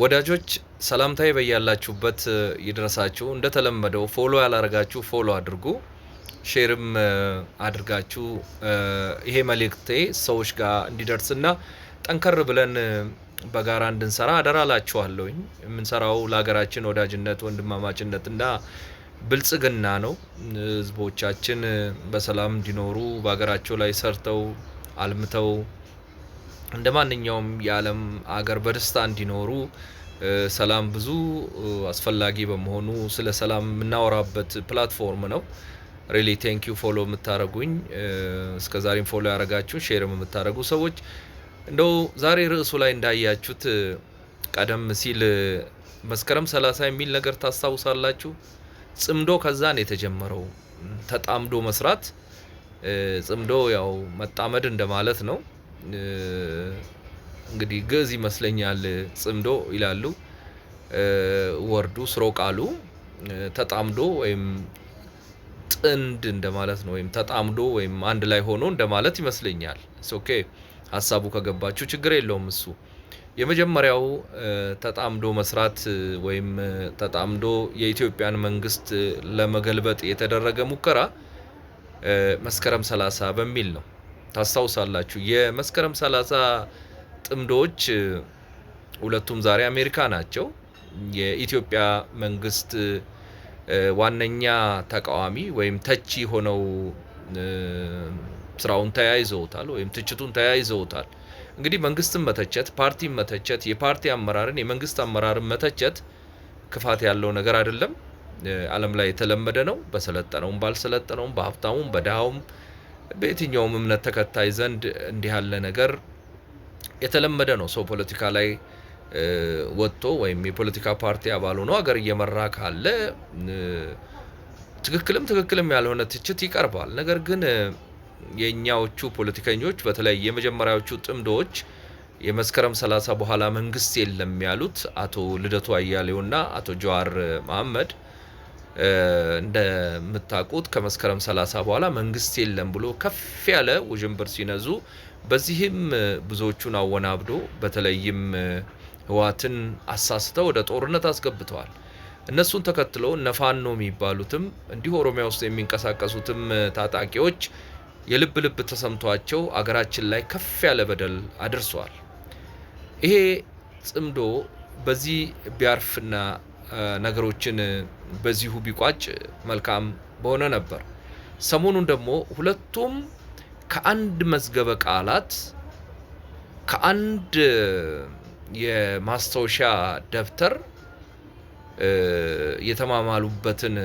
ወዳጆች ሰላምታዬ በያላችሁበት ይድረሳችሁ። እንደተለመደው ፎሎ ያላረጋችሁ ፎሎ አድርጉ፣ ሼርም አድርጋችሁ ይሄ መልእክቴ ሰዎች ጋር እንዲደርስና ጠንከር ብለን በጋራ እንድንሰራ አደራ ላችኋለሁኝ። የምንሰራው ለሀገራችን ወዳጅነት ወንድማማችነትና ብልጽግና ነው። ህዝቦቻችን በሰላም እንዲኖሩ በሀገራቸው ላይ ሰርተው አልምተው እንደ ማንኛውም የዓለም አገር በደስታ እንዲኖሩ ሰላም ብዙ አስፈላጊ በመሆኑ ስለ ሰላም የምናወራበት ፕላትፎርም ነው። ሪሊ ቴንክ ዩ ፎሎ የምታደረጉኝ እስከ ዛሬም ፎሎ ያደረጋችሁ ሼርም የምታደረጉ ሰዎች እንደው ዛሬ ርዕሱ ላይ እንዳያችሁት ቀደም ሲል መስከረም ሰላሳ የሚል ነገር ታስታውሳላችሁ። ጽምዶ ከዛ ነው የተጀመረው። ተጣምዶ መስራት ጽምዶ ያው መጣመድ እንደማለት ነው። እንግዲህ ግዕዝ ይመስለኛል ጽምዶ ይላሉ። ወርዱ ስሮ ቃሉ ተጣምዶ ወይም ጥንድ እንደማለት ነው። ወይም ተጣምዶ ወይም አንድ ላይ ሆኖ እንደማለት ይመስለኛል። ኦኬ ሀሳቡ ከገባችሁ ችግር የለውም። እሱ የመጀመሪያው ተጣምዶ መስራት ወይም ተጣምዶ የኢትዮጵያን መንግስት ለመገልበጥ የተደረገ ሙከራ መስከረም 30 በሚል ነው። ታስታውሳላችሁ የመስከረም 30 ጥምዶች ሁለቱም ዛሬ አሜሪካ ናቸው። የኢትዮጵያ መንግስት ዋነኛ ተቃዋሚ ወይም ተቺ ሆነው ስራውን ተያይዘውታል፣ ወይም ትችቱን ተያይዘውታል። እንግዲህ መንግስትን መተቸት፣ ፓርቲን መተቸት፣ የፓርቲ አመራርን የመንግስት አመራርን መተቸት ክፋት ያለው ነገር አይደለም። ዓለም ላይ የተለመደ ነው። በሰለጠነውም ባልሰለጠነውም፣ በሀብታሙም በድሃውም በየትኛውም እምነት ተከታይ ዘንድ እንዲህ ያለ ነገር የተለመደ ነው። ሰው ፖለቲካ ላይ ወጥቶ ወይም የፖለቲካ ፓርቲ አባል ሆኖ ሀገር እየመራ ካለ ትክክልም ትክክልም ያልሆነ ትችት ይቀርባል። ነገር ግን የእኛዎቹ ፖለቲከኞች በተለይ የመጀመሪያዎቹ ጥምዶች የመስከረም ሰላሳ በኋላ መንግስት የለም ያሉት አቶ ልደቱ አያሌውና አቶ ጀዋር መሀመድ? እንደምታውቁት ከመስከረም 30 በኋላ መንግስት የለም ብሎ ከፍ ያለ ውዥንብር ሲነዙ በዚህም ብዙዎቹን አወናብዶ በተለይም ህወሓትን አሳስተው ወደ ጦርነት አስገብተዋል። እነሱን ተከትሎ ነፋኖ የሚባሉትም እንዲሁ ኦሮሚያ ውስጥ የሚንቀሳቀሱትም ታጣቂዎች የልብ ልብ ተሰምቷቸው አገራችን ላይ ከፍ ያለ በደል አድርሰዋል። ይሄ ጽምዶ በዚህ ቢያርፍና ነገሮችን በዚሁ ቢቋጭ መልካም በሆነ ነበር። ሰሞኑን ደግሞ ሁለቱም ከአንድ መዝገበ ቃላት ከአንድ የማስታወሻ ደብተር የተማማሉበትን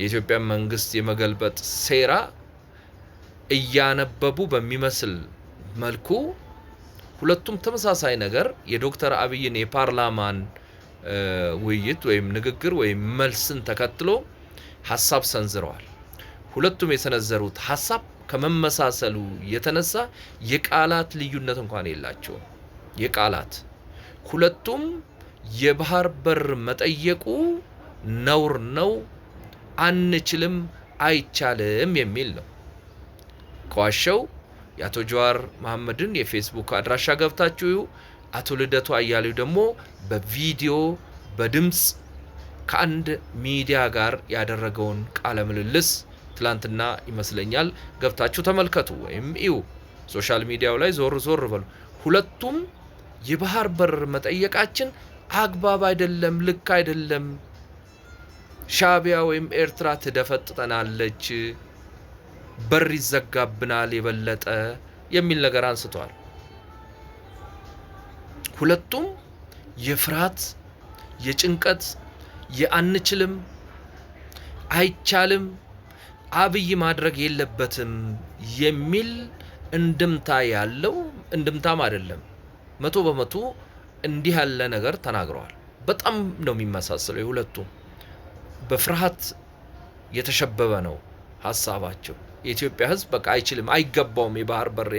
የኢትዮጵያ መንግስት የመገልበጥ ሴራ እያነበቡ በሚመስል መልኩ ሁለቱም ተመሳሳይ ነገር የዶክተር አብይን የፓርላማን ውይይት ወይም ንግግር ወይም መልስን ተከትሎ ሀሳብ ሰንዝረዋል። ሁለቱም የሰነዘሩት ሀሳብ ከመመሳሰሉ የተነሳ የቃላት ልዩነት እንኳን የላቸውም። የቃላት ሁለቱም የባህር በር መጠየቁ ነውር ነው፣ አንችልም፣ አይቻልም የሚል ነው። ከዋሸው የአቶ ጀዋር መሐመድን የፌስቡክ አድራሻ ገብታችሁ አቶ ልደቱ አያሌው ደግሞ በቪዲዮ በድምፅ ከአንድ ሚዲያ ጋር ያደረገውን ቃለ ምልልስ ትላንትና ይመስለኛል ገብታችሁ ተመልከቱ ወይም እዩ። ሶሻል ሚዲያው ላይ ዞር ዞር በሉ። ሁለቱም የባህር በር መጠየቃችን አግባብ አይደለም፣ ልክ አይደለም፣ ሻቢያ ወይም ኤርትራ ትደፈጥጠናለች፣ በር ይዘጋብናል የበለጠ የሚል ነገር አንስተዋል። ሁለቱም የፍርሃት፣ የጭንቀት፣ የአንችልም፣ አይቻልም፣ አብይ ማድረግ የለበትም የሚል እንድምታ ያለው እንድምታም አይደለም። መቶ በመቶ እንዲህ ያለ ነገር ተናግረዋል። በጣም ነው የሚመሳሰለው። የሁለቱ በፍርሃት የተሸበበ ነው ሀሳባቸው። የኢትዮጵያ ህዝብ በቃ አይችልም፣ አይገባውም የባህር በር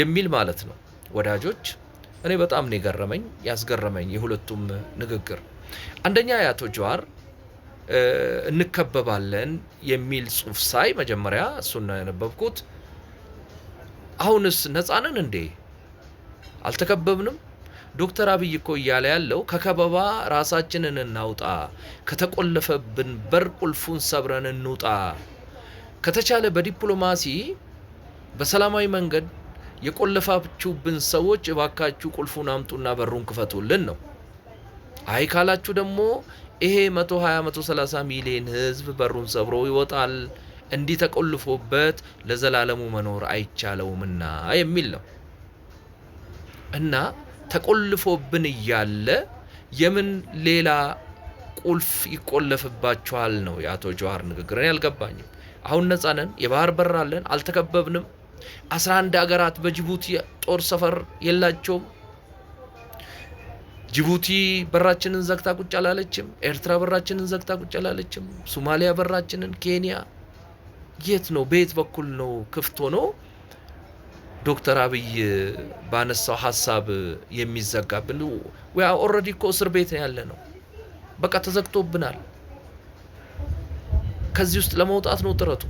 የሚል ማለት ነው ወዳጆች እኔ በጣም ነው የገረመኝ ያስገረመኝ የሁለቱም ንግግር። አንደኛ የአቶ ጀዋር እንከበባለን የሚል ጽሁፍ ሳይ መጀመሪያ እሱን ያነበብኩት፣ አሁንስ ነፃንን እንዴ አልተከበብንም? ዶክተር አብይ እኮ እያለ ያለው ከከበባ ራሳችንን እናውጣ፣ ከተቆለፈብን በር ቁልፉን ሰብረን እንውጣ፣ ከተቻለ በዲፕሎማሲ በሰላማዊ መንገድ የቆለፋችሁብን ሰዎች እባካችሁ ቁልፉን አምጡና በሩን ክፈቱልን ነው። አይ ካላችሁ ደግሞ ይሄ 120 130 ሚሊዮን ህዝብ በሩን ሰብሮ ይወጣል፣ እንዲህ ተቆልፎበት ለዘላለሙ መኖር አይቻለውምና የሚል ነው እና ተቆልፎብን እያለ የምን ሌላ ቁልፍ ይቆለፍባችኋል ነው የአቶ ጀዋር ንግግርን ያልገባኝም። አሁን ነጻ ነን፣ የባህር በር አለን፣ አልተከበብንም 11 ሀገራት በጅቡቲ ጦር ሰፈር የላቸውም። ጅቡቲ በራችንን ዘግታ ቁጭ አላለችም። ኤርትራ በራችንን ዘግታ ቁጭ አላለችም። ሶማሊያ በራችንን፣ ኬንያ የት ነው? በየት በኩል ነው ክፍት ሆኖ ዶክተር አብይ ባነሳው ሀሳብ የሚዘጋብን? ያ ኦልሬዲ እኮ እስር ቤት ነው ያለ ነው። በቃ ተዘግቶብናል። ከዚህ ውስጥ ለመውጣት ነው ጥረቱ።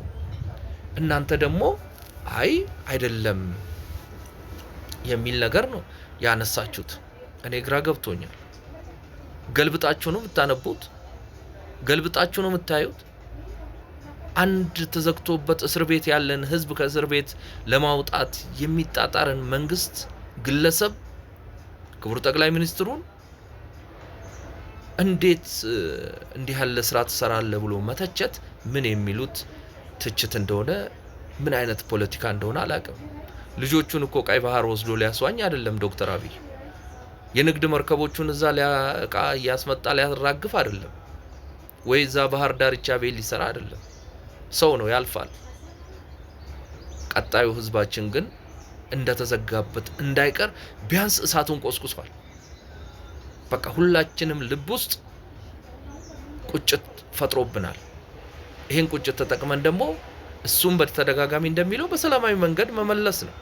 እናንተ ደግሞ አይ አይደለም የሚል ነገር ነው ያነሳችሁት። እኔ ግራ ገብቶኛል። ገልብጣችሁ ነው የምታነቡት፣ ገልብጣችሁ ነው የምታዩት። አንድ ተዘግቶበት እስር ቤት ያለን ህዝብ ከእስር ቤት ለማውጣት የሚጣጣርን መንግስት፣ ግለሰብ፣ ክቡር ጠቅላይ ሚኒስትሩን እንዴት እንዲህ ያለ ስራ ትሰራለህ ብሎ መተቸት ምን የሚሉት ትችት እንደሆነ ምን አይነት ፖለቲካ እንደሆነ አላቅም። ልጆቹን እኮ ቀይ ባህር ወስዶ ሊያስዋኝ አይደለም ዶክተር አብይ የንግድ መርከቦቹን እዛ ሊያቃ እያስመጣ ሊያራግፍ አይደለም ወይ እዛ ባህር ዳርቻ ቤት ሊሰራ አይደለም። ሰው ነው ያልፋል። ቀጣዩ ህዝባችን ግን እንደተዘጋበት እንዳይቀር ቢያንስ እሳቱን ቆስቁሷል። በቃ ሁላችንም ልብ ውስጥ ቁጭት ፈጥሮብናል። ይህን ቁጭት ተጠቅመን ደግሞ እሱም በተደጋጋሚ እንደሚለው በሰላማዊ መንገድ መመለስ ነው።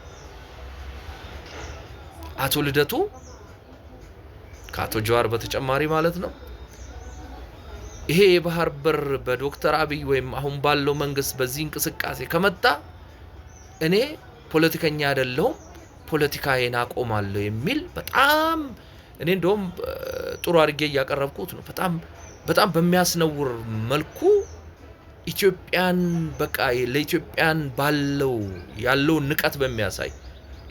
አቶ ልደቱ ከአቶ ጀዋር በተጨማሪ ማለት ነው ይሄ የባህር በር በዶክተር አብይ ወይም አሁን ባለው መንግስት በዚህ እንቅስቃሴ ከመጣ እኔ ፖለቲከኛ አይደለሁም ፖለቲካዬን አቆማለሁ የሚል በጣም እኔ እንደውም ጥሩ አድርጌ እያቀረብኩት ነው። በጣም በጣም በሚያስነውር መልኩ ኢትዮጵያን በቃ ለኢትዮጵያን ባለው ያለውን ንቀት በሚያሳይ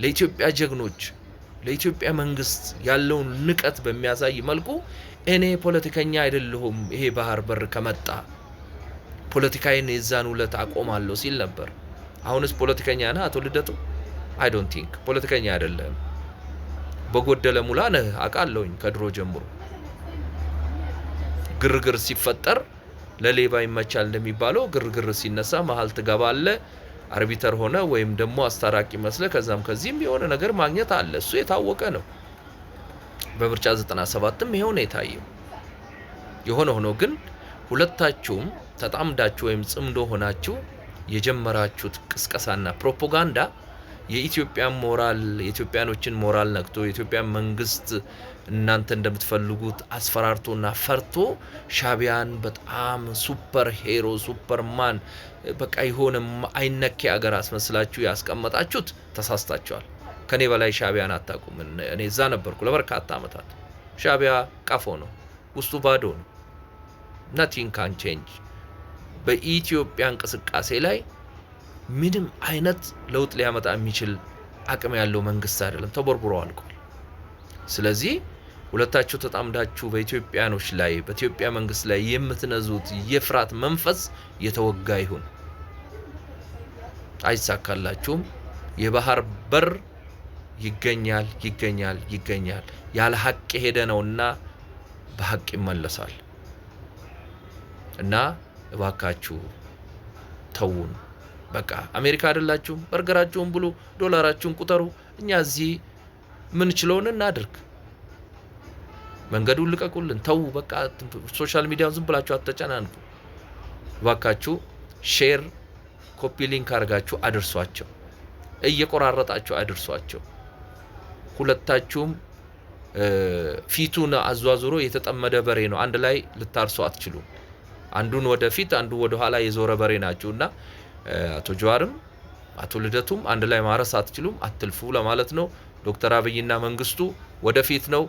ለኢትዮጵያ ጀግኖች ለኢትዮጵያ መንግስት ያለውን ንቀት በሚያሳይ መልኩ እኔ ፖለቲከኛ አይደለሁም፣ ይሄ ባህር በር ከመጣ ፖለቲካዬን የዛን ውለት አቆማለሁ ሲል ነበር። አሁንስ ፖለቲከኛ ነህ አቶ ልደቱ? አይ ዶንት ቲንክ ፖለቲከኛ አይደለም። በጎደለ ሙላ ነህ አውቃለሁኝ። ከድሮ ጀምሮ ግርግር ሲፈጠር ለሌባ ይመቻል እንደሚባለው ግርግር ሲነሳ መሀል ትገባ አለ አርቢተር ሆነ ወይም ደግሞ አስታራቂ መስለ ከዛም ከዚህም የሆነ ነገር ማግኘት አለ። እሱ የታወቀ ነው። በምርጫ 97ም ይሄው ነው የታየው። የሆነ ሆኖ ግን ሁለታችሁም ተጣምዳችሁ ወይም ጽምዶ ሆናችሁ የጀመራችሁት ቅስቀሳና ፕሮፓጋንዳ የኢትዮጵያን ሞራል የኢትዮጵያኖችን ሞራል ነክቶ የኢትዮጵያ መንግስት እናንተ እንደምትፈልጉት አስፈራርቶና ፈርቶ ሻቢያን በጣም ሱፐር ሄሮ ሱፐርማን በቃ የሆነ አይነኬ አገር አስመስላችሁ ያስቀመጣችሁት ተሳስታችኋል። ከኔ በላይ ሻቢያን አታውቁም። እኔ እዛ ነበርኩ ለበርካታ ዓመታት። ሻቢያ ቀፎ ነው፣ ውስጡ ባዶ ነው። ነቲንግ ካን ቼንጅ በኢትዮጵያ እንቅስቃሴ ላይ ምንም አይነት ለውጥ ሊያመጣ የሚችል አቅም ያለው መንግስት አይደለም፣ ተቦርቡሮ አልቋል። ስለዚህ ሁለታችሁ ተጣምዳችሁ በኢትዮጵያኖች ላይ በኢትዮጵያ መንግስት ላይ የምትነዙት የፍርሃት መንፈስ የተወጋ ይሁን። አይሳካላችሁም። የባህር በር ይገኛል ይገኛል ይገኛል። ያለ ሀቅ ሄደ ነውና በሀቅ ይመለሳል እና እባካችሁ ተዉን። በቃ አሜሪካ አይደላችሁም? በርገራችሁን ብሉ፣ ዶላራችሁን ቁጠሩ። እኛ እዚህ ምንችለውን እናድርግ። መንገዱን ልቀቁልን፣ ተዉ። በቃ ሶሻል ሚዲያውን ዝም ብላችሁ አትጨናንቁ። ባካችሁ ሼር፣ ኮፒ ሊንክ አድርጋችሁ አድርሷቸው፣ እየቆራረጣችሁ አድርሷቸው። ሁለታችሁም ፊቱን አዟዙሮ የተጠመደ በሬ ነው። አንድ ላይ ልታርሱ አትችሉም። አንዱን ወደፊት አንዱ ወደኋላ የዞረ በሬ ናችሁ እና አቶ ጀዋርም አቶ ልደቱም አንድ ላይ ማረስ አትችሉም፣ አትልፉ ለማለት ነው። ዶክተር አብይና መንግስቱ ወደፊት ነው።